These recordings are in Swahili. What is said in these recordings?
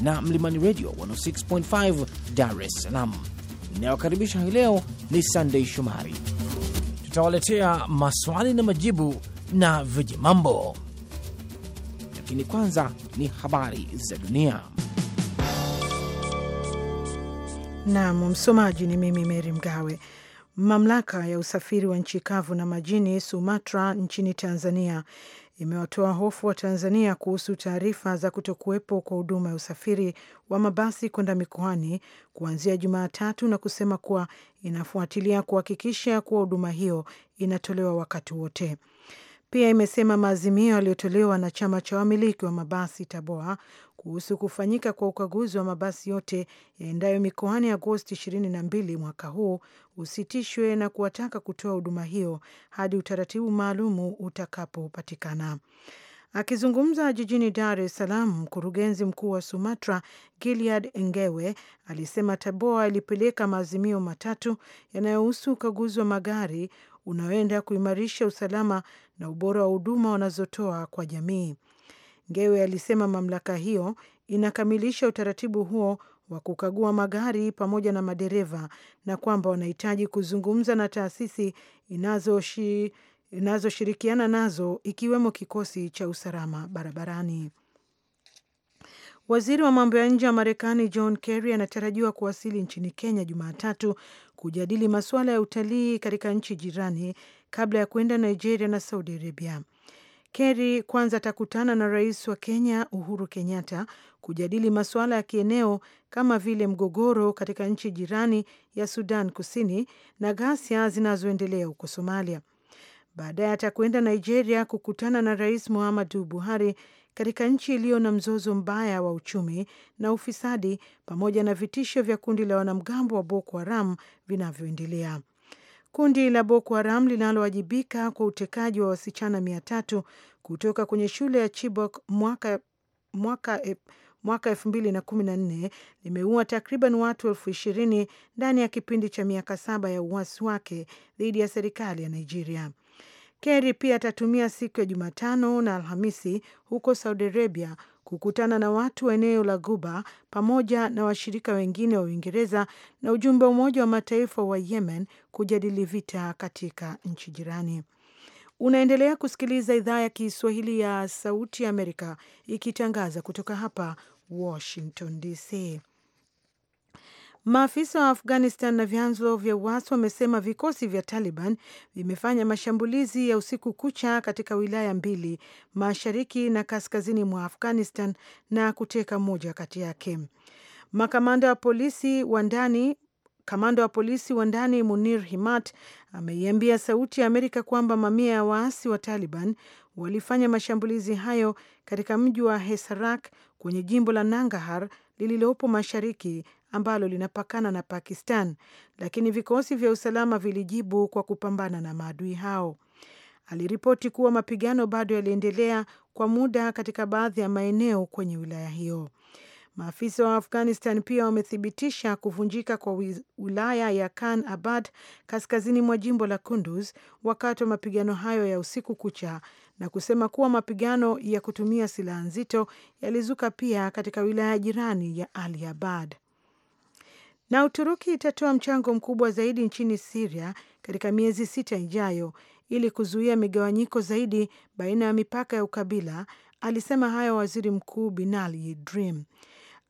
na Mlimani Radio 106.5 Dar es Salaam. Inayokaribisha hii leo ni Sunday Shomari. Tutawaletea maswali na majibu na viji mambo, lakini kwanza ni habari za dunia. Naam, msomaji ni mimi Meri Mgawe. Mamlaka ya usafiri wa nchi kavu na majini SUMATRA nchini Tanzania imewatoa hofu wa Tanzania kuhusu taarifa za kutokuwepo kwa huduma ya usafiri wa mabasi kwenda mikoani kuanzia Jumatatu na kusema kuwa inafuatilia kuhakikisha kuwa huduma hiyo inatolewa wakati wote. Pia imesema maazimio yaliyotolewa na chama cha wamiliki wa mabasi Taboa kuhusu kufanyika kwa ukaguzi wa mabasi yote yaendayo mikoani Agosti 22 mwaka huu usitishwe na kuwataka kutoa huduma hiyo hadi utaratibu maalumu utakapopatikana. Akizungumza jijini Dar es Salaam, mkurugenzi mkuu wa SUMATRA Gilead Ngewe alisema Taboa ilipeleka maazimio matatu yanayohusu ukaguzi wa magari unaoenda kuimarisha usalama na ubora wa huduma wanazotoa kwa jamii. Ngewe alisema mamlaka hiyo inakamilisha utaratibu huo wa kukagua magari pamoja na madereva na kwamba wanahitaji kuzungumza na taasisi inazoshirikiana nazo ikiwemo kikosi cha usalama barabarani. Waziri wa mambo ya nje wa Marekani John Kerry anatarajiwa kuwasili nchini Kenya Jumatatu kujadili masuala ya utalii katika nchi jirani kabla ya kuenda Nigeria na Saudi Arabia. Kerry kwanza atakutana na rais wa Kenya Uhuru Kenyatta kujadili masuala ya kieneo kama vile mgogoro katika nchi jirani ya Sudan Kusini na ghasia zinazoendelea huko Somalia. Baadaye atakwenda Nigeria kukutana na Rais Muhammadu Buhari katika nchi iliyo na mzozo mbaya wa uchumi na ufisadi pamoja na vitisho vya kundi la wanamgambo wa Boko Haram vinavyoendelea. Kundi la Boko Haram linalowajibika kwa utekaji wa wasichana mia tatu kutoka kwenye shule ya Chibok mwaka mwaka e, mwaka elfu mbili na kumi na nne limeua takriban watu elfu ishirini ndani ya kipindi cha miaka saba ya uasi wake dhidi ya serikali ya Nigeria. Kerry pia atatumia siku ya Jumatano na Alhamisi huko Saudi Arabia kukutana na watu wa eneo la Guba pamoja na washirika wengine wa Uingereza na ujumbe wa Umoja wa Mataifa wa Yemen kujadili vita katika nchi jirani. Unaendelea kusikiliza idhaa ya Kiswahili ya Sauti ya Amerika ikitangaza kutoka hapa Washington DC. Maafisa wa Afghanistan na vyanzo vya uasi wamesema vikosi vya Taliban vimefanya mashambulizi ya usiku kucha katika wilaya mbili mashariki na kaskazini mwa Afghanistan na kuteka moja kati yake. Makamanda wa polisi wa ndani Kamanda wa polisi wa ndani Munir Himat ameiambia Sauti ya Amerika kwamba mamia ya waasi wa Taliban walifanya mashambulizi hayo katika mji wa Hesarak kwenye jimbo la Nangahar lililopo mashariki ambalo linapakana na Pakistan, lakini vikosi vya usalama vilijibu kwa kupambana na maadui hao. Aliripoti kuwa mapigano bado yaliendelea kwa muda katika baadhi ya maeneo kwenye wilaya hiyo. Maafisa wa Afghanistan pia wamethibitisha kuvunjika kwa wilaya ya Khan Abad kaskazini mwa jimbo la Kunduz wakati wa mapigano hayo ya usiku kucha na kusema kuwa mapigano ya kutumia silaha nzito yalizuka pia katika wilaya jirani ya Ali Abad. Na Uturuki itatoa mchango mkubwa zaidi nchini Siria katika miezi sita ijayo ili kuzuia migawanyiko zaidi baina ya mipaka ya ukabila. Alisema hayo waziri mkuu Binali Yildirim.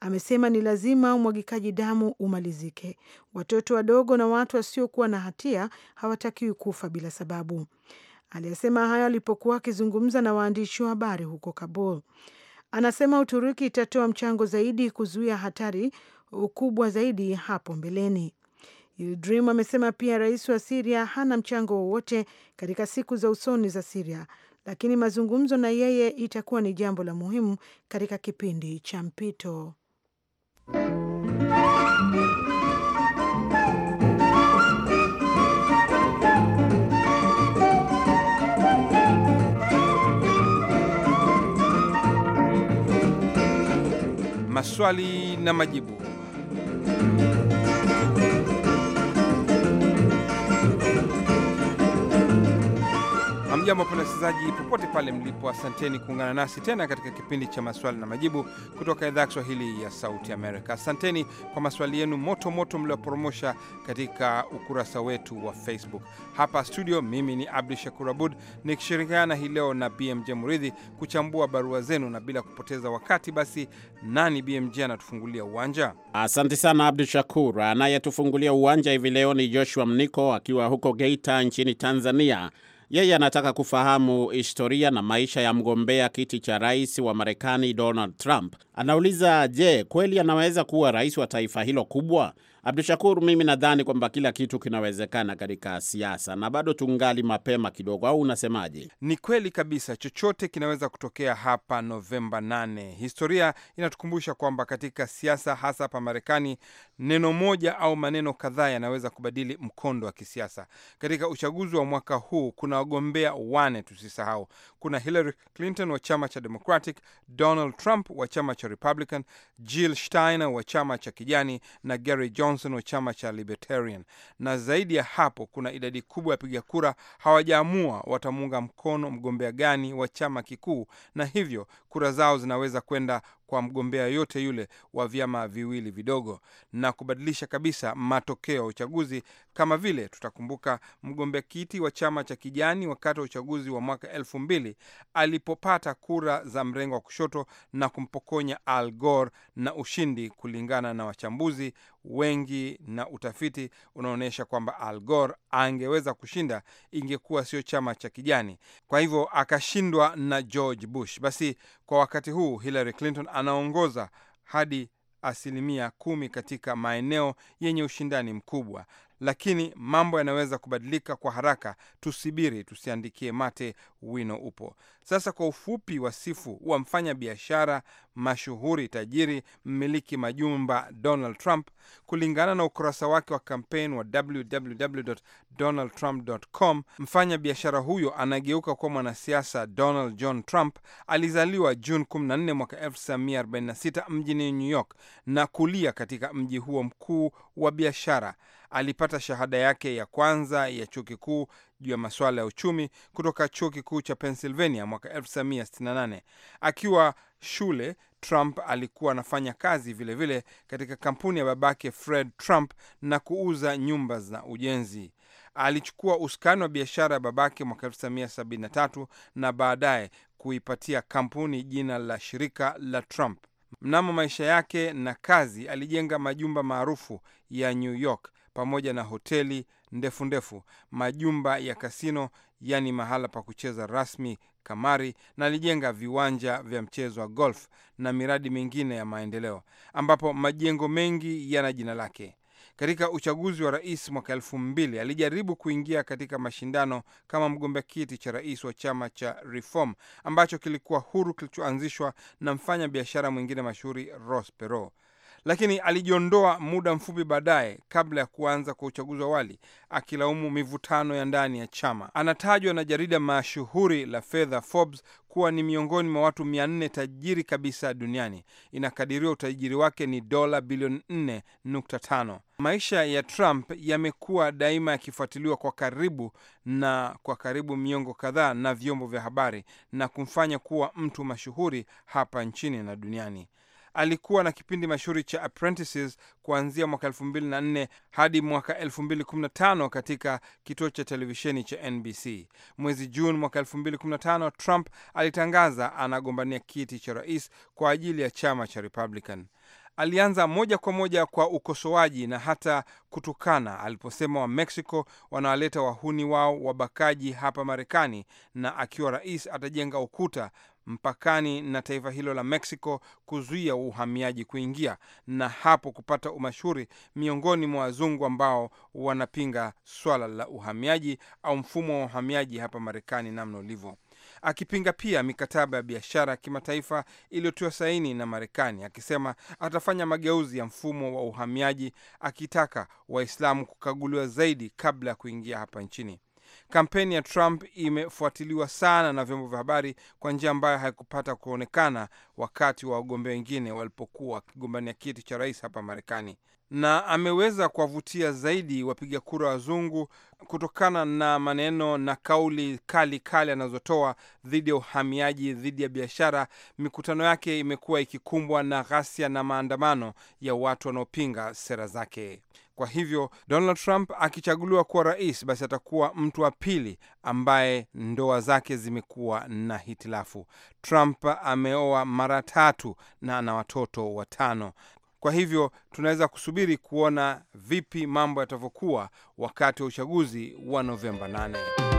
Amesema ni lazima umwagikaji damu umalizike. Watoto wadogo na watu wasiokuwa na hatia hawatakiwi kufa bila sababu. Aliyasema hayo alipokuwa akizungumza na waandishi wa habari huko Kabul. Anasema Uturuki itatoa mchango zaidi kuzuia hatari ukubwa zaidi hapo mbeleni. Yildirim amesema pia rais wa Siria hana mchango wowote katika siku za usoni za Siria, lakini mazungumzo na yeye itakuwa ni jambo la muhimu katika kipindi cha mpito. Maswali na majibu. Hamjambo wapenda wasikilizaji popote pale mlipo, asanteni kuungana nasi tena katika kipindi cha maswali na majibu kutoka idhaa ya Kiswahili ya Sauti Amerika. Asanteni kwa maswali yenu moto moto mlioporomosha katika ukurasa wetu wa Facebook. Hapa studio, mimi ni Abdu Shakur Abud nikishirikiana hii leo na BMJ Muridhi kuchambua barua zenu, na bila kupoteza wakati, basi nani BMJ anatufungulia uwanja? Asante sana Abdu Shakur. Anayetufungulia uwanja hivi leo ni Joshua Mniko akiwa huko Geita nchini Tanzania. Yeye anataka kufahamu historia na maisha ya mgombea kiti cha rais wa Marekani Donald Trump. Anauliza, je, kweli anaweza kuwa rais wa taifa hilo kubwa? Abdu Shakur, mimi nadhani kwamba kila kitu kinawezekana katika siasa na bado tungali mapema kidogo, au unasemaje? Ni kweli kabisa, chochote kinaweza kutokea hapa Novemba 8. Historia inatukumbusha kwamba katika siasa, hasa hapa Marekani, neno moja au maneno kadhaa yanaweza kubadili mkondo wa kisiasa. Katika uchaguzi wa mwaka huu kuna wagombea wane, tusisahau kuna Hillary Clinton wa chama cha Democratic, Donald Trump wa chama cha Republican, Jill Steiner wa chama cha Kijani na Gary Johnson wa chama cha Libertarian. Na zaidi ya hapo, kuna idadi kubwa ya piga kura hawajaamua watamuunga mkono mgombea gani wa chama kikuu, na hivyo kura zao zinaweza kwenda kwa mgombea yote yule wa vyama viwili vidogo na kubadilisha kabisa matokeo ya uchaguzi, kama vile tutakumbuka mgombea kiti wa chama cha kijani wakati wa uchaguzi wa mwaka elfu mbili alipopata kura za mrengo wa kushoto na kumpokonya Al Gore na ushindi, kulingana na wachambuzi wengi na utafiti unaonyesha kwamba Al Gore angeweza kushinda, ingekuwa sio chama cha kijani. Kwa hivyo akashindwa na George Bush. Basi kwa wakati huu Hillary Clinton anaongoza hadi asilimia kumi katika maeneo yenye ushindani mkubwa lakini mambo yanaweza kubadilika kwa haraka. Tusibiri, tusiandikie mate, wino upo. Sasa kwa ufupi, wasifu wa mfanya biashara mashuhuri, tajiri, mmiliki majumba Donald Trump, kulingana na ukurasa wake wa kampeni wa www.donaldtrump.com, mfanya biashara huyo anageuka kuwa mwanasiasa. Donald John Trump alizaliwa Juni 14 mwaka 1946 mjini New York na kulia katika mji huo mkuu wa biashara alipata shahada yake ya kwanza ya chuo kikuu juu ya masuala ya uchumi kutoka chuo kikuu cha Pennsylvania mwaka 1968. Akiwa shule, Trump alikuwa anafanya kazi vilevile vile katika kampuni ya babake Fred Trump na kuuza nyumba za ujenzi. Alichukua usukani wa biashara ya babake mwaka 1973 na baadaye kuipatia kampuni jina la shirika la Trump. Mnamo maisha yake na kazi, alijenga majumba maarufu ya New York pamoja na hoteli ndefu ndefu, majumba ya kasino, yaani mahala pa kucheza rasmi kamari, na alijenga viwanja vya mchezo wa golf na miradi mingine ya maendeleo, ambapo majengo mengi yana jina lake. Katika uchaguzi wa rais mwaka elfu mbili alijaribu kuingia katika mashindano kama mgombea kiti cha rais wa chama cha Reform ambacho kilikuwa huru kilichoanzishwa na mfanya biashara mwingine mashuhuri Ross Perot lakini alijiondoa muda mfupi baadaye kabla ya kuanza kwa uchaguzi wa awali, akilaumu mivutano ya ndani ya chama. Anatajwa na jarida mashuhuri la fedha Forbes kuwa ni miongoni mwa watu nne tajiri kabisa duniani. Inakadiriwa utajiri wake ni dola bilioni 4.5. Maisha ya Trump yamekuwa daima yakifuatiliwa kwa karibu na kwa karibu miongo kadhaa na vyombo vya habari na kumfanya kuwa mtu mashuhuri hapa nchini na duniani. Alikuwa na kipindi mashuhuri cha Apprentices kuanzia mwaka 2004 hadi mwaka 2015 katika kituo cha televisheni cha NBC. Mwezi Juni mwaka 2015, Trump alitangaza anagombania kiti cha rais kwa ajili ya chama cha Republican. Alianza moja kwa moja kwa ukosoaji na hata kutukana aliposema wa Mexico wanawaleta wahuni wao wabakaji hapa Marekani, na akiwa rais atajenga ukuta mpakani na taifa hilo la Mexico kuzuia uhamiaji kuingia na hapo kupata umashuri miongoni mwa wazungu ambao wanapinga swala la uhamiaji au mfumo wa uhamiaji hapa Marekani namna ulivyo akipinga pia mikataba ya biashara ya kimataifa iliyotiwa saini na Marekani, akisema atafanya mageuzi ya mfumo wa uhamiaji, akitaka Waislamu kukaguliwa zaidi kabla ya kuingia hapa nchini. Kampeni ya Trump imefuatiliwa sana na vyombo vya habari kwa njia ambayo haikupata kuonekana wakati wa wagombea wengine walipokuwa wakigombania kiti cha rais hapa Marekani, na ameweza kuwavutia zaidi wapiga kura wazungu kutokana na maneno na kauli kali kali anazotoa dhidi ya uhamiaji, dhidi ya biashara. Mikutano yake imekuwa ikikumbwa na ghasia na maandamano ya watu wanaopinga sera zake. Kwa hivyo Donald Trump akichaguliwa kuwa rais, basi atakuwa mtu wa pili ambaye ndoa zake zimekuwa na hitilafu. Trump ameoa mara tatu na ana watoto watano. Kwa hivyo tunaweza kusubiri kuona vipi mambo yatavyokuwa wakati wa uchaguzi wa Novemba 8.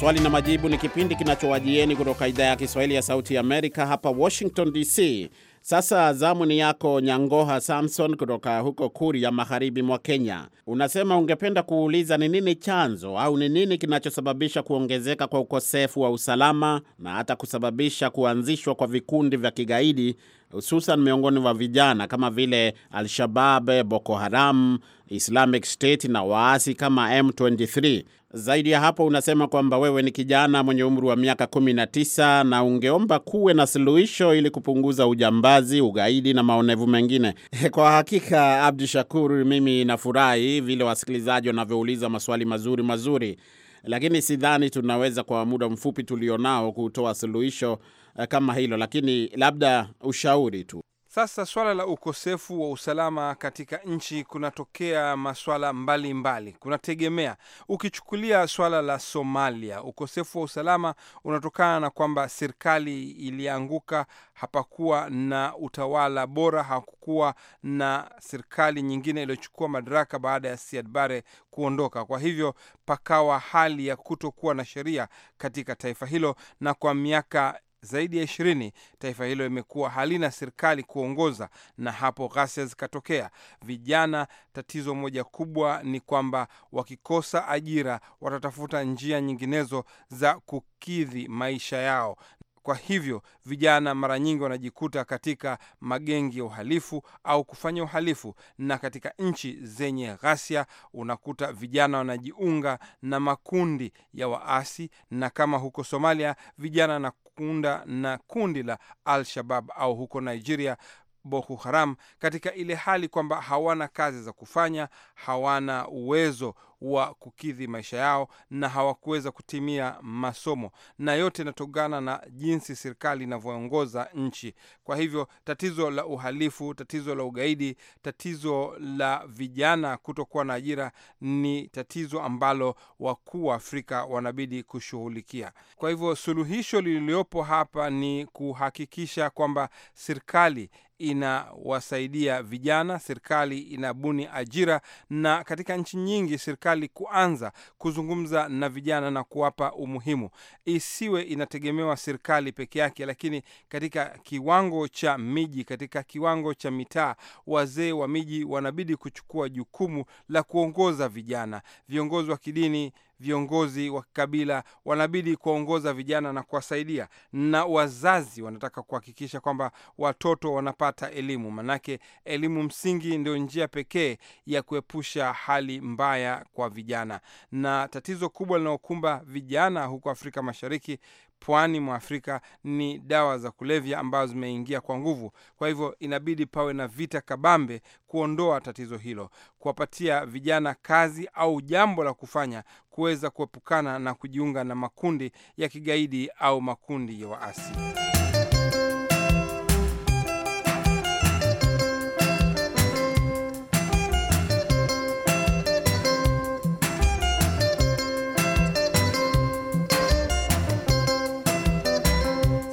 Maswali na Majibu ni kipindi kinachowajieni kutoka idhaa ya Kiswahili ya Sauti ya Amerika hapa Washington DC. Sasa zamu ni yako Nyangoha Samson kutoka huko Kuria, magharibi mwa Kenya. Unasema ungependa kuuliza ni nini chanzo au ni nini kinachosababisha kuongezeka kwa ukosefu wa usalama na hata kusababisha kuanzishwa kwa vikundi vya kigaidi hususan miongoni mwa vijana kama vile Al-Shabab, Boko Haram, Islamic State na waasi kama M23. Zaidi ya hapo, unasema kwamba wewe ni kijana mwenye umri wa miaka 19 na ungeomba kuwe na suluhisho ili kupunguza ujambazi, ugaidi na maonevu mengine. Kwa hakika, Abdu Shakur, mimi nafurahi vile wasikilizaji wanavyouliza maswali mazuri mazuri, lakini sidhani tunaweza kwa muda mfupi tulionao kutoa suluhisho eh, kama hilo, lakini labda ushauri tu. Sasa swala la ukosefu wa usalama katika nchi kunatokea maswala mbalimbali, kunategemea. Ukichukulia swala la Somalia, ukosefu wa usalama unatokana na kwamba serikali ilianguka, hapakuwa na utawala bora, hakukuwa na serikali nyingine iliyochukua madaraka baada ya Siad Barre kuondoka. Kwa hivyo pakawa hali ya kutokuwa na sheria katika taifa hilo, na kwa miaka zaidi ya ishirini, taifa hilo imekuwa halina serikali kuongoza, na hapo ghasia zikatokea. Vijana, tatizo moja kubwa ni kwamba wakikosa ajira watatafuta njia nyinginezo za kukidhi maisha yao. Kwa hivyo vijana mara nyingi wanajikuta katika magengi ya uhalifu au kufanya uhalifu, na katika nchi zenye ghasia unakuta vijana wanajiunga na makundi ya waasi, na kama huko Somalia vijana na kuunda na kundi la Al-Shabab au huko Nigeria Boko Haram katika ile hali kwamba hawana kazi za kufanya, hawana uwezo wa kukidhi maisha yao na hawakuweza kutimia masomo, na yote inatokana na jinsi serikali inavyoongoza nchi. Kwa hivyo tatizo la uhalifu, tatizo la ugaidi, tatizo la vijana kutokuwa na ajira ni tatizo ambalo wakuu wa Afrika wanabidi kushughulikia. Kwa hivyo suluhisho lililopo hapa ni kuhakikisha kwamba serikali inawasaidia vijana, serikali inabuni ajira, na katika nchi nyingi serikali kuanza kuzungumza na vijana na kuwapa umuhimu, isiwe inategemewa serikali peke yake, lakini katika kiwango cha miji, katika kiwango cha mitaa, wazee wa miji wanabidi kuchukua jukumu la kuongoza vijana, viongozi wa kidini viongozi wa kikabila wanabidi kuwaongoza vijana na kuwasaidia, na wazazi wanataka kuhakikisha kwamba watoto wanapata elimu, manake elimu msingi ndio njia pekee ya kuepusha hali mbaya kwa vijana. Na tatizo kubwa linalokumba vijana huko Afrika Mashariki pwani mwa Afrika ni dawa za kulevya ambazo zimeingia kwa nguvu. Kwa hivyo inabidi pawe na vita kabambe kuondoa tatizo hilo, kuwapatia vijana kazi au jambo la kufanya, kuweza kuepukana na kujiunga na makundi ya kigaidi au makundi ya waasi.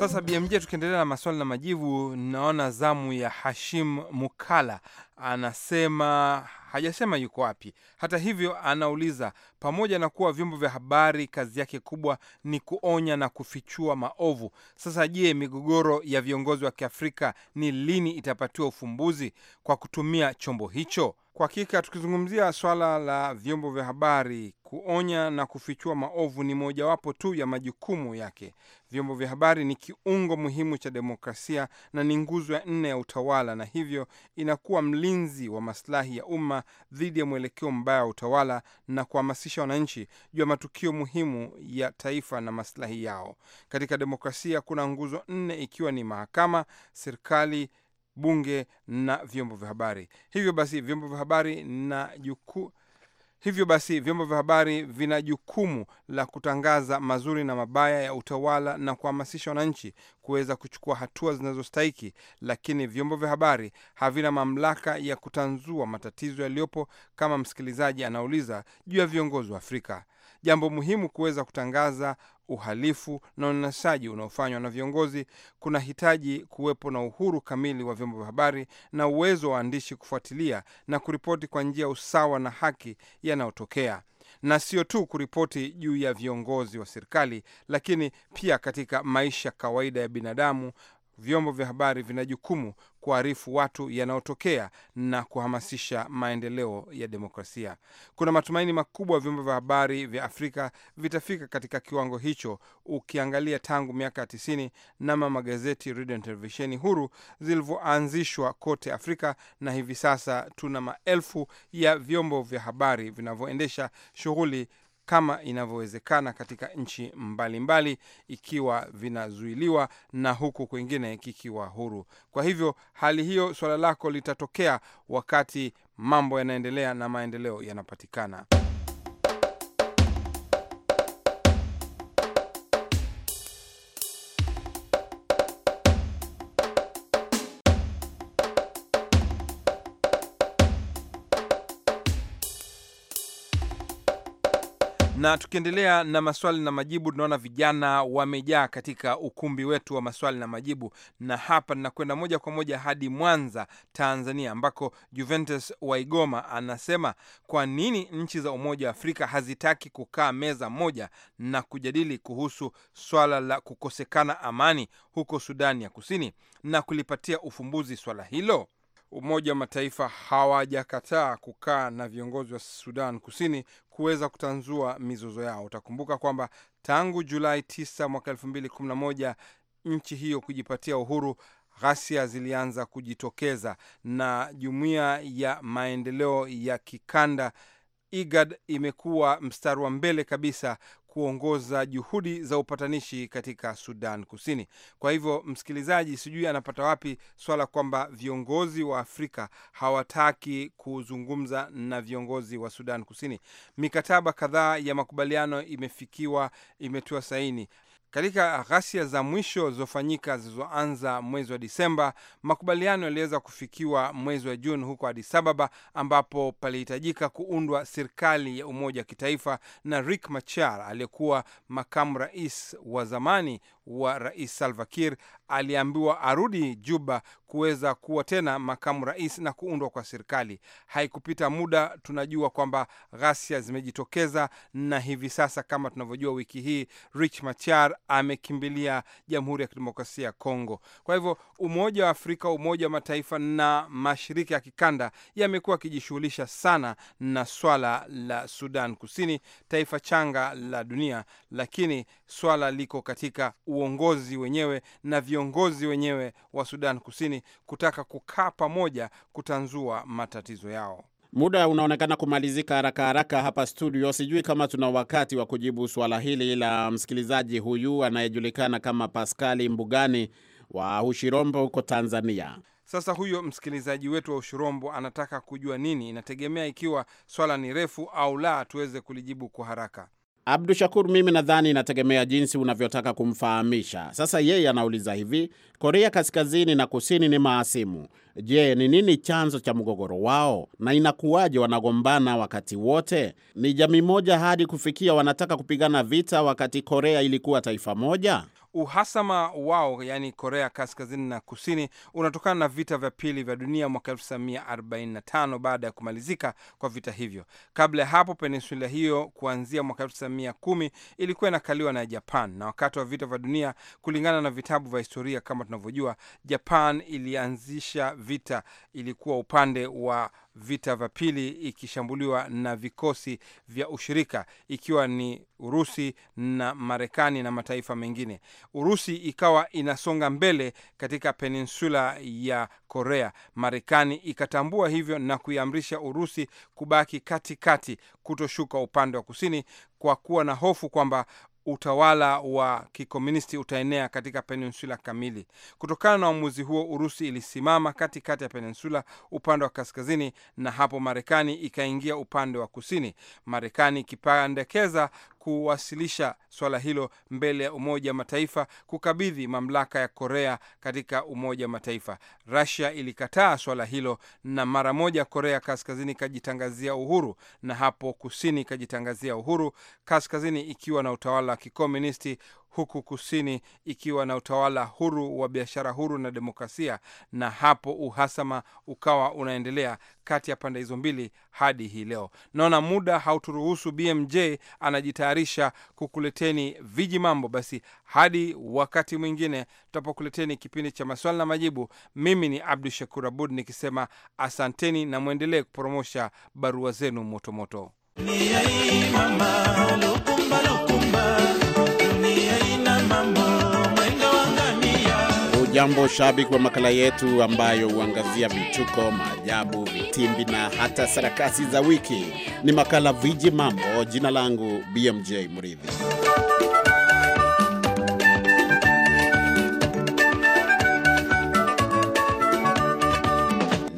Sasa BMJ, tukiendelea na maswali na majibu, naona zamu ya Hashim Mukala anasema hajasema yuko wapi. Hata hivyo, anauliza pamoja na kuwa vyombo vya habari kazi yake kubwa ni kuonya na kufichua maovu, sasa je, migogoro ya viongozi wa Kiafrika ni lini itapatiwa ufumbuzi kwa kutumia chombo hicho? Kwa hakika tukizungumzia swala la vyombo vya habari Kuonya na kufichua maovu ni mojawapo tu ya majukumu yake. Vyombo vya habari ni kiungo muhimu cha demokrasia na ni nguzo ya nne ya utawala, na hivyo inakuwa mlinzi wa maslahi ya umma dhidi ya mwelekeo mbaya wa utawala na kuhamasisha wananchi juu ya matukio muhimu ya taifa na maslahi yao. Katika demokrasia kuna nguzo nne, ikiwa ni mahakama, serikali bunge na vyombo vya habari. Hivyo basi, vyombo vya habari na juku Hivyo basi vyombo vya habari vina jukumu la kutangaza mazuri na mabaya ya utawala na kuhamasisha wananchi kuweza kuchukua hatua zinazostahiki, lakini vyombo vya habari havina mamlaka ya kutanzua matatizo yaliyopo, kama msikilizaji anauliza juu ya viongozi wa Afrika jambo muhimu kuweza kutangaza uhalifu na unyanyasaji unaofanywa na viongozi. Kuna hitaji kuwepo na uhuru kamili wa vyombo vya habari na uwezo wa waandishi kufuatilia na kuripoti kwa njia usawa na haki yanayotokea, na sio tu kuripoti juu ya viongozi wa serikali, lakini pia katika maisha kawaida ya binadamu, vyombo vya habari vina jukumu kuarifu watu yanayotokea na kuhamasisha maendeleo ya demokrasia. Kuna matumaini makubwa vyombo vya habari vya Afrika vitafika katika kiwango hicho, ukiangalia tangu miaka ya tisini nama magazeti, redio na televisheni huru zilivyoanzishwa kote Afrika, na hivi sasa tuna maelfu ya vyombo vya habari vinavyoendesha shughuli kama inavyowezekana katika nchi mbalimbali, ikiwa vinazuiliwa na huku kwingine kikiwa huru. Kwa hivyo hali hiyo, suala lako litatokea wakati mambo yanaendelea na maendeleo yanapatikana. Na tukiendelea na maswali na majibu, tunaona vijana wamejaa katika ukumbi wetu wa maswali na majibu, na hapa ninakwenda moja kwa moja hadi Mwanza, Tanzania, ambako Juventus Waigoma anasema kwa nini nchi za Umoja wa Afrika hazitaki kukaa meza moja na kujadili kuhusu swala la kukosekana amani huko Sudani ya Kusini na kulipatia ufumbuzi swala hilo? Umoja wa Mataifa hawajakataa kukaa na viongozi wa Sudan Kusini kuweza kutanzua mizozo yao. Utakumbuka kwamba tangu Julai 9 mwaka 2011 nchi hiyo kujipatia uhuru, ghasia zilianza kujitokeza na jumuiya ya maendeleo ya kikanda IGAD imekuwa mstari wa mbele kabisa kuongoza juhudi za upatanishi katika Sudan Kusini. Kwa hivyo, msikilizaji, sijui anapata wapi swala kwamba viongozi wa Afrika hawataki kuzungumza na viongozi wa Sudan Kusini. Mikataba kadhaa ya makubaliano imefikiwa, imetiwa saini, katika ghasia za mwisho zilizofanyika zilizoanza mwezi wa Disemba, makubaliano yaliweza kufikiwa mwezi wa Juni huko Addis Ababa, ambapo palihitajika kuundwa serikali ya umoja wa kitaifa, na Riek Machar aliyekuwa makamu rais wa zamani wa Rais Salva Kiir aliambiwa arudi Juba kuweza kuwa tena makamu rais na kuundwa kwa serikali. Haikupita muda, tunajua kwamba ghasia zimejitokeza, na hivi sasa kama tunavyojua, wiki hii Rich Machar amekimbilia Jamhuri ya Kidemokrasia ya Kongo. Kwa hivyo, Umoja wa Afrika, Umoja wa Mataifa na mashirika ya kikanda yamekuwa yakijishughulisha sana na swala la Sudan Kusini, taifa changa la dunia, lakini swala liko katika uongozi wenyewe na vio viongozi wenyewe wa Sudan Kusini kutaka kukaa pamoja kutanzua matatizo yao. Muda unaonekana kumalizika haraka haraka hapa studio. Sijui kama tuna wakati wa kujibu suala hili la msikilizaji huyu anayejulikana kama Paskali Mbugani wa Ushirombo huko Tanzania. Sasa huyo msikilizaji wetu wa Ushirombo anataka kujua nini? Inategemea ikiwa swala ni refu au la, tuweze kulijibu kwa haraka. Abdu Shakur, mimi nadhani inategemea jinsi unavyotaka kumfahamisha. Sasa yeye anauliza hivi, Korea Kaskazini na Kusini ni maasimu. Je, ni nini chanzo cha mgogoro wao na inakuwaje wanagombana wakati wote? Ni jamii moja hadi kufikia wanataka kupigana vita wakati Korea ilikuwa taifa moja? Uhasama wao yaani Korea Kaskazini na Kusini unatokana na vita vya pili vya dunia mwaka 1945 baada ya kumalizika kwa vita hivyo. Kabla ya hapo, peninsula hiyo kuanzia mwaka 1910 ilikuwa inakaliwa na Japan, na wakati wa vita vya dunia, kulingana na vitabu vya historia kama tunavyojua, Japan ilianzisha vita, ilikuwa upande wa vita vya pili ikishambuliwa na vikosi vya ushirika ikiwa ni Urusi na Marekani na mataifa mengine. Urusi ikawa inasonga mbele katika peninsula ya Korea. Marekani ikatambua hivyo na kuiamrisha Urusi kubaki katikati, kutoshuka upande wa kusini, kwa kuwa na hofu kwamba utawala wa kikomunisti utaenea katika peninsula kamili. Kutokana na uamuzi huo, Urusi ilisimama katikati ya peninsula upande wa kaskazini, na hapo Marekani ikaingia upande wa kusini, Marekani ikipendekeza kuwasilisha swala hilo mbele ya Umoja wa Mataifa kukabidhi mamlaka ya Korea katika Umoja wa Mataifa. rasia ilikataa swala hilo, na mara moja Korea Kaskazini ikajitangazia uhuru, na hapo Kusini ikajitangazia uhuru, kaskazini ikiwa na utawala wa kikomunisti huku kusini ikiwa na utawala huru wa biashara huru na demokrasia, na hapo uhasama ukawa unaendelea kati ya pande hizo mbili hadi hii leo. Naona muda hauturuhusu, BMJ anajitayarisha kukuleteni viji mambo. Basi hadi wakati mwingine tutapokuleteni kipindi cha maswali na majibu, mimi ni Abdu Shakur Abud nikisema asanteni na mwendelee kupromosha barua zenu motomoto. Hujambo shabiki wa makala yetu ambayo huangazia vituko, maajabu, vitimbi na hata sarakasi za wiki. Ni makala Viji Mambo. Jina langu BMJ Mridhi.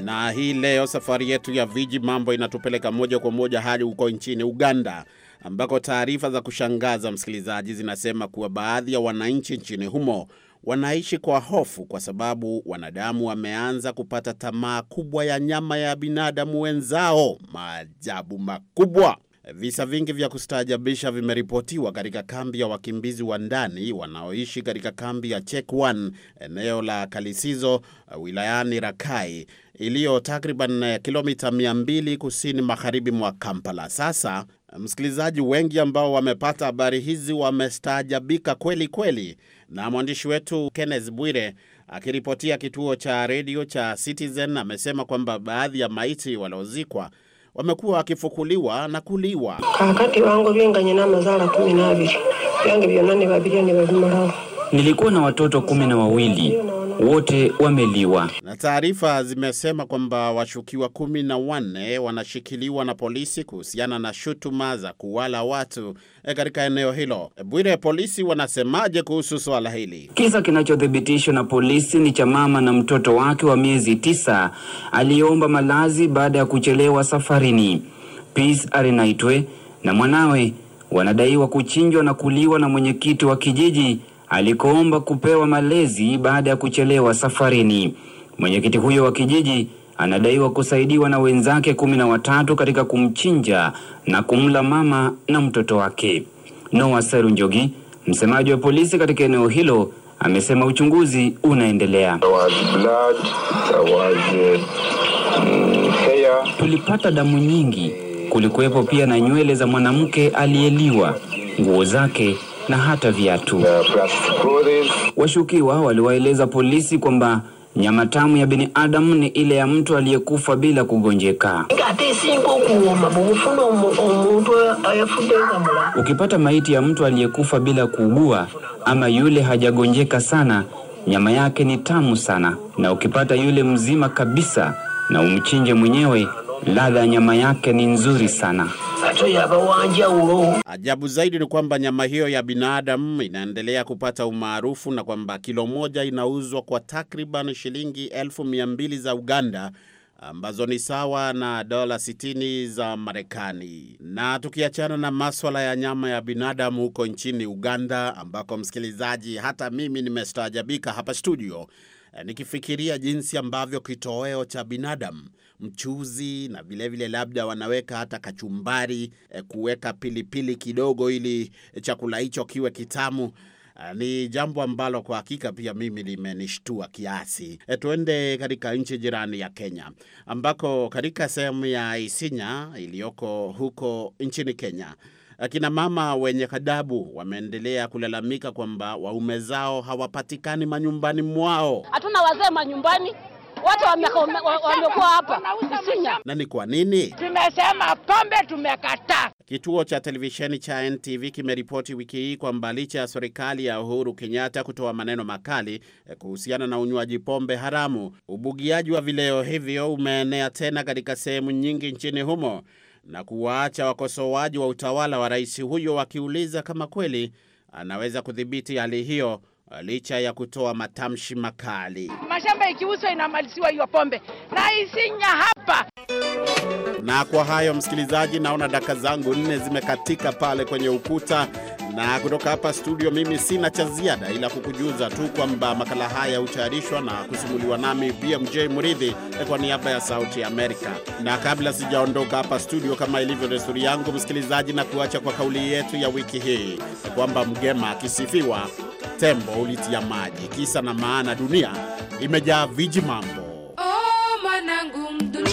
Na hii leo safari yetu ya Viji Mambo inatupeleka moja kwa moja hadi huko nchini Uganda ambako taarifa za kushangaza msikilizaji, zinasema kuwa baadhi ya wananchi nchini humo wanaishi kwa hofu kwa sababu wanadamu wameanza kupata tamaa kubwa ya nyama ya binadamu wenzao. Maajabu makubwa. Visa vingi vya kustaajabisha vimeripotiwa katika kambi ya wakimbizi wa ndani wanaoishi katika kambi ya Chekwan, eneo la Kalisizo uh, wilayani Rakai, iliyo takriban uh, kilomita 200 kusini magharibi mwa Kampala. Sasa Msikilizaji, wengi ambao wamepata habari hizi wamestaajabika kweli kweli, na mwandishi wetu Kenneth Bwire akiripotia kituo cha redio cha Citizen amesema kwamba baadhi ya maiti waliozikwa wamekuwa wakifukuliwa na kuliwa. wakati wangu vinganye na mazara kumi na vili vyange vyonane vabiriane vavimaraho nilikuwa na watoto kumi na wawili wote wameliwa. Na taarifa zimesema kwamba washukiwa kumi na wanne wanashikiliwa na polisi kuhusiana na shutuma za kuwala watu eh, katika eneo hilo. Bwire, polisi wanasemaje kuhusu swala hili? Kisa kinachothibitishwa na polisi ni cha mama na mtoto wake wa miezi tisa aliyeomba malazi baada ya kuchelewa safarini. Peace Arenaitwe na mwanawe wanadaiwa kuchinjwa na kuliwa na mwenyekiti wa kijiji alikoomba kupewa malezi baada ya kuchelewa safarini. Mwenyekiti huyo wa kijiji anadaiwa kusaidiwa na wenzake kumi na watatu katika kumchinja na kumla mama na mtoto wake. Noah Serunjogi, msemaji wa polisi katika eneo hilo, amesema uchunguzi unaendelea. Mm, Tulipata damu nyingi, kulikuwepo pia na nywele za mwanamke aliyeliwa, nguo zake na hata viatu. Washukiwa waliwaeleza polisi kwamba nyama tamu ya binadamu ni ile ya mtu aliyekufa bila kugonjeka. Ukipata maiti ya mtu aliyekufa bila kuugua ama yule hajagonjeka sana, nyama yake ni tamu sana, na ukipata yule mzima kabisa na umchinje mwenyewe Ladha ya nyama yake ni nzuri sana. Ajabu zaidi ni kwamba nyama hiyo ya binadamu inaendelea kupata umaarufu na kwamba kilo moja inauzwa kwa takriban shilingi elfu mia mbili za Uganda ambazo ni sawa na dola 60 za Marekani. Na tukiachana na maswala ya nyama ya binadamu huko nchini Uganda, ambako msikilizaji, hata mimi nimestaajabika hapa studio eh, nikifikiria jinsi ambavyo kitoweo cha binadamu mchuzi na vilevile vile labda wanaweka hata kachumbari eh, kuweka pilipili kidogo ili chakula hicho kiwe kitamu. Ah, ni jambo ambalo kwa hakika pia mimi limenishtua kiasi. E, tuende katika nchi jirani ya Kenya, ambako katika sehemu ya Isinya iliyoko huko nchini Kenya, akina mama wenye kadabu wameendelea kulalamika kwamba waume zao hawapatikani manyumbani mwao. Hatuna wazee manyumbani, watu wamekuwa hapa Na ni kwa nini tumesema pombe tumekataa? Kituo cha televisheni cha NTV kimeripoti wiki hii kwamba licha ya serikali ya Uhuru Kenyatta kutoa maneno makali eh, kuhusiana na unywaji pombe haramu, ubugiaji wa vileo hivyo umeenea tena katika sehemu nyingi nchini humo na kuwaacha wakosoaji wa utawala wa rais huyo wakiuliza kama kweli anaweza kudhibiti hali hiyo licha ya kutoa matamshi makali. Mashamba ikiuzwa inamalisiwa hiyo pombe na isinya hapa. Na kwa hayo, msikilizaji, naona daka zangu nne zimekatika pale kwenye ukuta na kutoka hapa studio, mimi sina cha ziada ila kukujuza tu kwamba makala haya hutayarishwa na kusimuliwa nami BMJ Muridhi eh, kwa niaba ya Sauti Amerika. Na kabla sijaondoka hapa studio, kama ilivyo desturi yangu, msikilizaji, na kuacha kwa kauli yetu ya wiki hii kwamba mgema akisifiwa tembo ulitia maji. Kisa na maana, dunia imejaa viji mambo. Oh,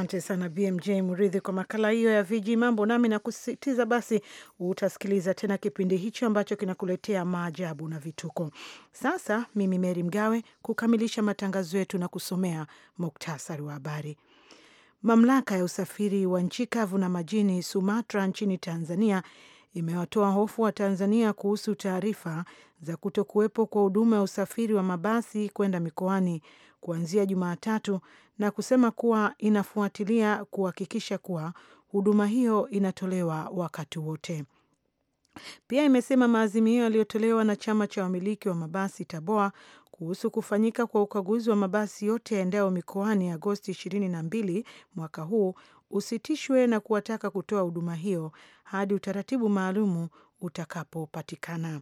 Asante sana BMJ Mridhi kwa makala hiyo ya viji mambo, nami nakusisitiza basi utasikiliza tena kipindi hicho ambacho kinakuletea maajabu na vituko. Sasa mimi Meri Mgawe kukamilisha matangazo yetu na kusomea muktasari wa habari. Mamlaka ya usafiri wa nchi kavu na majini SUMATRA nchini Tanzania imewatoa hofu wa Tanzania kuhusu taarifa za kutokuwepo kwa huduma ya usafiri wa mabasi kwenda mikoani kuanzia Jumatatu na kusema kuwa inafuatilia kuhakikisha kuwa huduma hiyo inatolewa wakati wote. Pia imesema maazimio yaliyotolewa na chama cha wamiliki wa mabasi TABOA kuhusu kufanyika kwa ukaguzi wa mabasi yote yaendayo mikoani Agosti 22 mwaka huu usitishwe na kuwataka kutoa huduma hiyo hadi utaratibu maalumu utakapopatikana.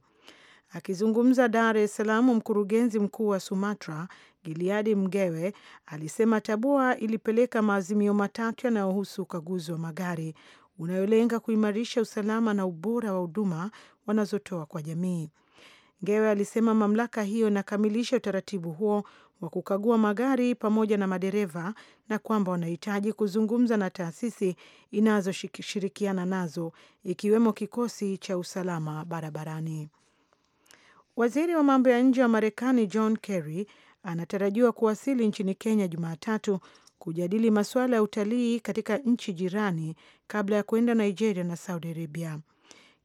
Akizungumza Dar es Salaam, mkurugenzi mkuu wa SUMATRA Giliadi Mgewe alisema TABUA ilipeleka maazimio matatu yanayohusu ukaguzi wa magari unayolenga kuimarisha usalama na ubora wa huduma wanazotoa kwa jamii. Ngewe alisema mamlaka hiyo inakamilisha utaratibu huo wa kukagua magari pamoja na madereva na kwamba wanahitaji kuzungumza na taasisi inazoshirikiana nazo ikiwemo kikosi cha usalama barabarani. Waziri wa mambo ya nje wa Marekani John Kerry anatarajiwa kuwasili nchini Kenya Jumatatu kujadili masuala ya utalii katika nchi jirani kabla ya kuenda Nigeria na Saudi Arabia.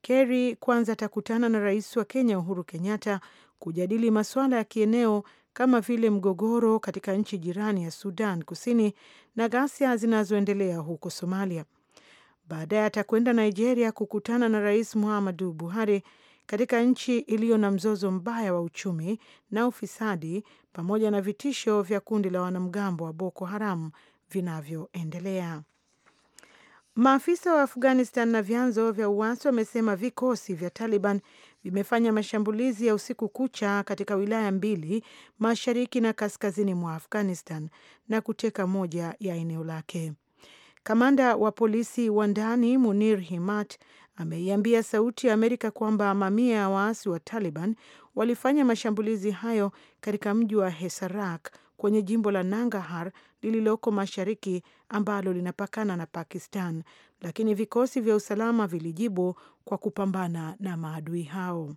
Kerry kwanza atakutana na rais wa Kenya Uhuru Kenyatta kujadili masuala ya kieneo kama vile mgogoro katika nchi jirani ya Sudan Kusini na ghasia zinazoendelea huko Somalia. Baadaye atakwenda Nigeria kukutana na Rais Muhammadu Buhari katika nchi iliyo na mzozo mbaya wa uchumi na ufisadi pamoja na vitisho vya kundi la wanamgambo wa Boko Haram vinavyoendelea. Maafisa wa Afghanistan na vyanzo vya uasi wamesema vikosi vya Taliban vimefanya mashambulizi ya usiku kucha katika wilaya mbili mashariki na kaskazini mwa Afghanistan na kuteka moja ya eneo lake. Kamanda wa polisi wa ndani Munir Himat ameiambia Sauti ya Amerika kwamba mamia ya waasi wa Taliban walifanya mashambulizi hayo katika mji wa Hesarak kwenye jimbo la Nangahar lililoko mashariki ambalo linapakana na Pakistan, lakini vikosi vya usalama vilijibu kwa kupambana na maadui hao.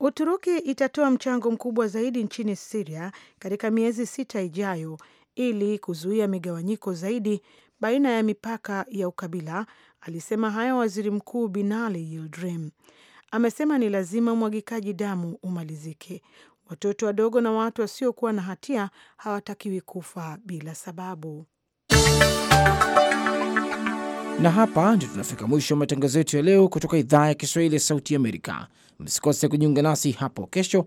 Uturuki itatoa mchango mkubwa zaidi nchini Siria katika miezi sita ijayo ili kuzuia migawanyiko zaidi baina ya mipaka ya ukabila Alisema hayo waziri mkuu Binali Yildirim. Amesema ni lazima umwagikaji damu umalizike. Watoto wadogo na watu wasiokuwa na hatia hawatakiwi kufa bila sababu. Na hapa ndio tunafika mwisho wa matangazo yetu ya leo kutoka idhaa ya Kiswahili ya Sauti Amerika. Msikose kujiunga nasi hapo kesho